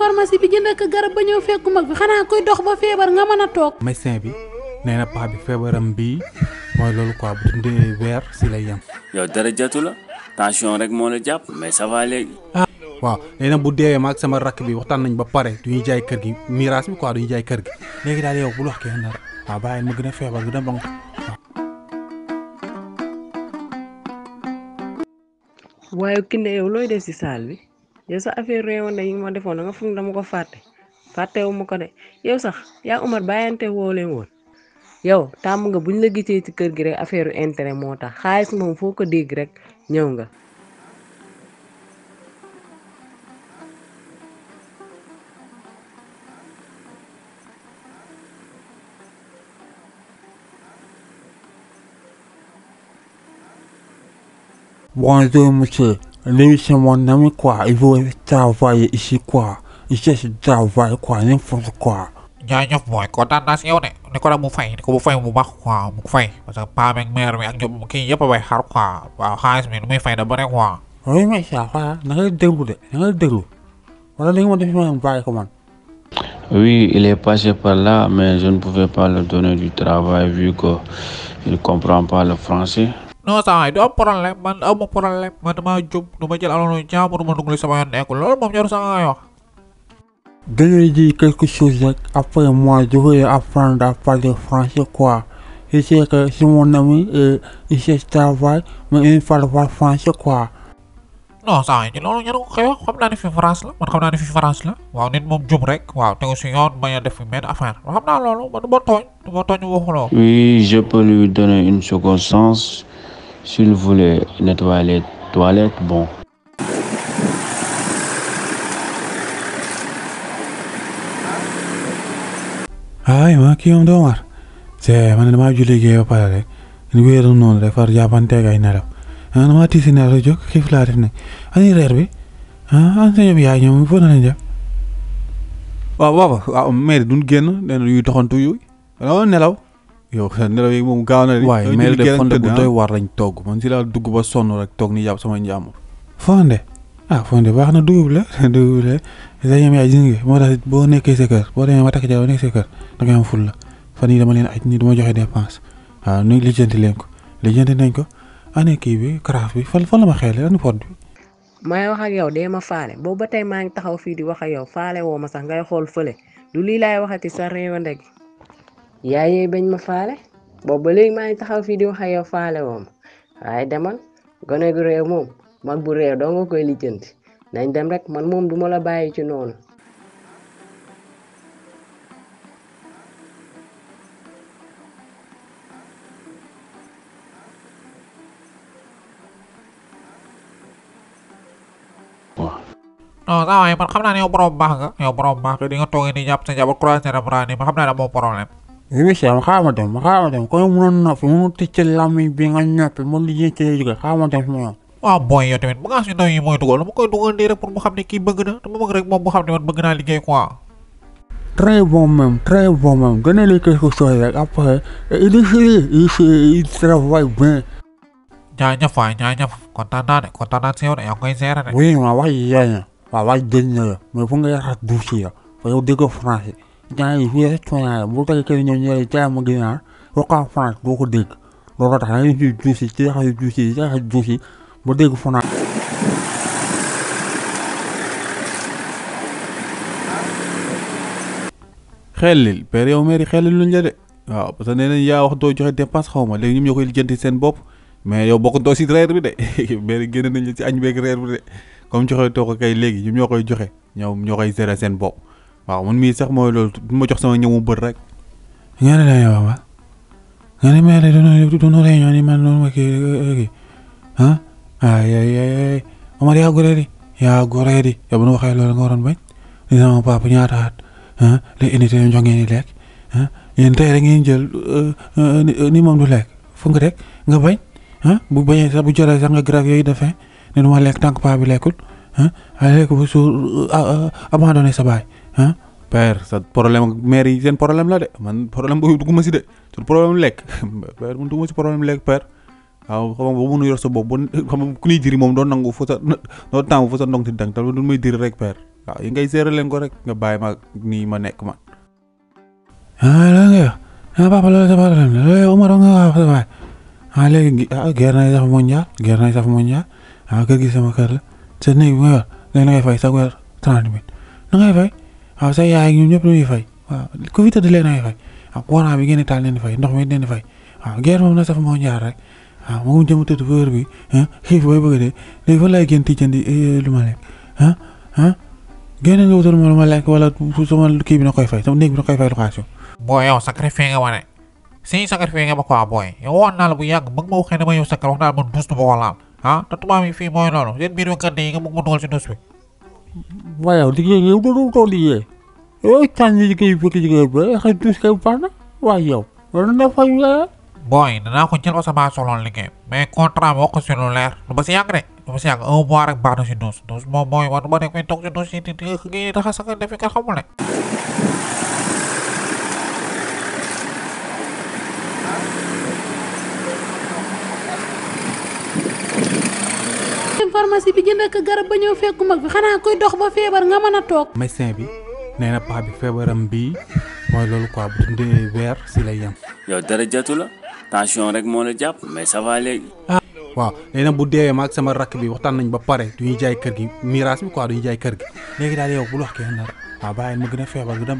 pharmacie bi jënd ak garab ba ñëw fekku mag bi xanaa koy dox ba feebar nga mën a toog. médecin bi nee paa bi feebaram bii mooy loolu quoi bu dundee weer si lay yem. yow dara jatu la tension rek moo la jàpp mais ça léegi. Ah. waaw léegi bu deewee ma ak sama rakk bi waxtaan nañ ba pare du jaay kër gi miraas bi quoi du ñuy jaay kër gi léegi daal yow bul wax kenn dara waaw bàyyi ma gën a feebar gën a bon waaye ki ne looy def si saal bi. yow sa affaire réewoon na yi ma defoon da nga foog dama ko fàtte fàttewu ma ko de yow sax yaa Umar bàyyante woo leen woon yow tàmm nga buñ la gisee ci kër gi rek affaire intérêt moo tax xaalis moom foo ko dégg rek ñëw nga. bonjour lui c'est mon ami quoi, il veut travailler ici quoi, il cherche du travail quoi, n'importe quoi. Nhà nhóc mỏi có tan ta xéo này, nó có đang mua phải, có mua phải mua bạc hòa, mua phải, và giờ ba mình mẹ rồi ăn nhậu một khi giúp bài hát hòa, và hai mình mới phải đập bắt hòa. Ôi mẹ xả hoa, nó hơi đừng đấy, nó hơi đừng. Và nó liên quan đến mình vài của il est passé par là, mais je ne pouvais pas lui donner du travail vu qu'il ne comprend pas le français. noo saay du am problème man amu problème man damaa jub du ma jël alalu loolu moom jarul sax nga wax. dangay di quelque chose e, rek après moi je vais apprendre à parler français quoi je sais que si mon ami il se travaille mais il parle pas français quoi. non saa yi loolu ñenn ko koy wax naa ne fi France la man xam naa ne fi France la waaw nit moom jub rek waaw tegu si yoon bañ a def benn affaire xam naa loolu man du ma tooñ du ma tooñ waxuloo. oui s'il voulait nettoyer les toilettes, bon. kii moom doo mar c'est man damaa ju liggéey ba pare rek wéeru noonu rek far jàppanteeg ay nelaw ah damaa tiisi nelaw jóg xiif laa def nag ani bi ah an ñoom yaay ñoom foo na leen jàpp waaw waaw waaw mais duñ génn leen yuy toxantu yu nelaw yow nelaw yi moom gaaw na waaye mel de fonde togg man si laa dugg ba sonn rek toog ni yàpp sama njàmbur fonde ah fonde baax na la dugub la sa ñoom yaay gis nga boo nekkee sa kër boo demee ma takk jaay nekkee sa kër da ngay am ful la fan yi dama leen aj ni duma joxe dépense waaw nu lijjanti leen ko lijjanti nañ ko année kii bi bi fan fan la ma xeele ani pot bi may wax ak yow dee ma faale boobu ba tey maa taxaw fii di wax a yow faale woo ma sax ngay xool fële du lii laay waxati sa réewande yaayee bañ ma faale boobu léegi maa ngi taxaw fii di wax ak yow faale woo ma waaye demal gone gu réew moom mag bu réew doo nga koy lijjanti nañ dem rek man moom du ma la bàyyi ci noonu. non saa waay man xam naa ne yow borom baax nga yow borom baax nga di nga toogee nii jàpp sa a croiser am raani ma xam naa ne amoo problème. Michel xaaral ma dem xaaral ma dem ko mënoon noppi mënu tëcc làmmiñ bi nga noppi mu liggéey ci lay jóge xaaral ma dem ma waaw booy yow tamit bagage yu ndaw yi mooy dugal dama koy dugal nii rek pour mu xam ne kii bëgg na dama bëgg rek moom mu xam ne man bëgg naa liggéey quoi. très bon même très bon même gën a liggéey ko sooy rek après il est sérieux il est il travaille bien. jaajëf waay jaajëf kontaan naa de kontaan naa si yow de yaa ngi koy seere de. oui ma wax yi yaay na waaw wax dëgg na la mais fu nga yàq duusi ya fa yow dégg français. gaa yi fii restaurant la boo koy kër ñoom ñooy jaay ma ginaar waxaa France boo ko dégg loolu tax dañuy siy juusi ci jaxase juusi ci jaxase juusi ba dégg France. xelil père yow mère yi xelil luñ la de waaw parce que nee nañ yaa wax doo joxe dépense xaw ma léegi ñoom ñoo koy lijjanti seen bopp mais yow bokkutoo si reer bi de mère génne nañ la si añ beeg reer bi de comme joxe too kay léegi ñoom ñoo koy joxe ñoom ñoo koy gérer seen bopp. waaw man mii sax mooy loolu du ma jox sama ñëwu bët rek. nga ne la yow ba nga ne ma ne doon doon réunion ni ma kii eh, kii ah ay ay ay Omar yaa bu nu waxee loolu nga waroon bañ di sama papa ñaata at ah les unités yi jox ngeen di lekk eh, eh, ni moom du lekk fu nga nga bañ ah bu bañee sa bu jëlee sax nga grave yooyu dafay ne du ma lekk tant que bi lekkul ah lekk bu suur abandonné sa baay. ah père sa problème ak mère yi seen problème la de man problème boobu dugguma si de su problème lekk père man dugguma si problème lekk père waaw xam nga boo mënu yor sa bopp diri moom doo nangu foo sa doo tàmm foo sa ndong ti dang tamit du may diri rek père waaw yi ngay seere leen ko rek nga bàyyi ma ni ma nekk man ah la nga ah papa loolu sa problème la loolu Omar nga wax sa waay ah léegi ah guerre nay saf mondial guerre nay ah, gi sama kër la sa néeg bi nga yor na ngay fay sa weer trente mille fay waaw sa yaay ñoom ñëpp dañuy fay waaw ku fi tëdd leen ay fay waaw courant bi ngeen taal leen fay ndox mi leen fay waaw guerre tëdd fa heure bi ah, xiif booy bëgg dee léegi fan laay génn ti jëndi eh, eh, lu ma lekk ah ah génn nga lu ma lekk wala sama kii bi na koy fay sama néeg bi na koy fay location. booy yow sacrifice nga wane si sacrifice ba quoi booy yow woon naa la bu yàgg bëgg ma waxee ne ma yow sacrifice wax naa la man douche du ma laal ah te tubaab yi fii mooy noonu yéen biir kër yi nga bëgg ma dugal waaw liggéey yow dootoo doon liggéey yow tànn liggéey bi liggéey bi xëy na kay baax na waaye yow loolu na fay la. booy danaa ko jël ba sama soloon liggéey mais contrat moo ko si lu leer du ba si yàgg de du ba si yàgg un mois rek baax na si douze douze moom mooy man ba ne koy toog si douze si di di nga xëy na dafa sax defi nga xamul ne. pharmacie bi jënd ak garab ba ñëw fekku mag bi xanaa koy dox ba feebar nga mën a toog. messin bi nee na bi feebaram bii mooy loolu quoi bu dundee weer si lay yem. yow dara jatu la tension rek moo la jàpp mais ça va léegi. Ah. waaw léegi nag bu deewee ma ak sama rakk bi waxtaan nañ ba pare du ñu jaay kër gi miraas bi ko du ñu jaay kër gi léegi daal yow bul wax kenn dara waaw bàyyi ma gën a feebar gën a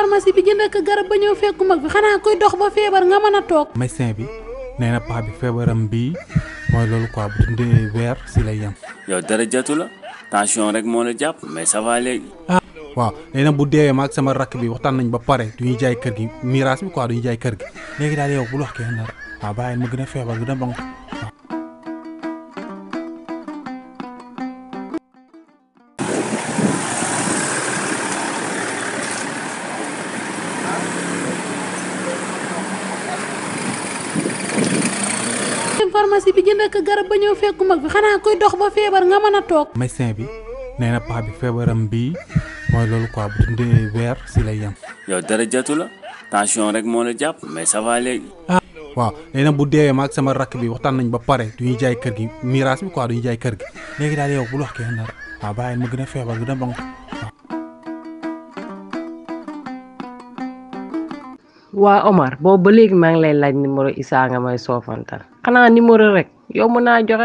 pharmacie bi jënd ak garab ba ñëw fekku mag bi xanaa koy dox ba feebar nga mën a toog. médecin bi nee na bi feebaram bii mooy loolu quoi bu dundee weer si lay yem. yow dara jatu la tension rek moo la jàpp mais ça va léegi. Ah. waaw léegi nag bu deewee ma ak sama rakk bi waxtaan nañ ba pare du ñuy jaay kër gi miraas bi quoi du ñuy jaay kër gi léegi daal yow bul wax kenn dara waaw bàyyi ma gën a feebar gën a bon. pharmacie bi jënd ak garab ba ñëw fekku mag bi xanaa koy dox ba feebar nga mën a toog. messin bi nee na paa bi feebaram bii mooy loolu quoi bu dundee weer si lay yem. yow dara jatu la tension rek moo la jàpp mais ça va léegi. Ah. waaw léegi nag bu deewee ma ak sama rakk bi waxtaan nañ ba pare du ñu jaay kër gi miraas bi quoi du ñu jaay kër gi léegi daal yow bul wax kenn dara waaw bàyyi ma gën a feebar gën a bon waaw waa Omar boobu ba léegi la ngi lay laaj numéro Issa nga may soofantal xanaa numéro rek yow mën naa joxe.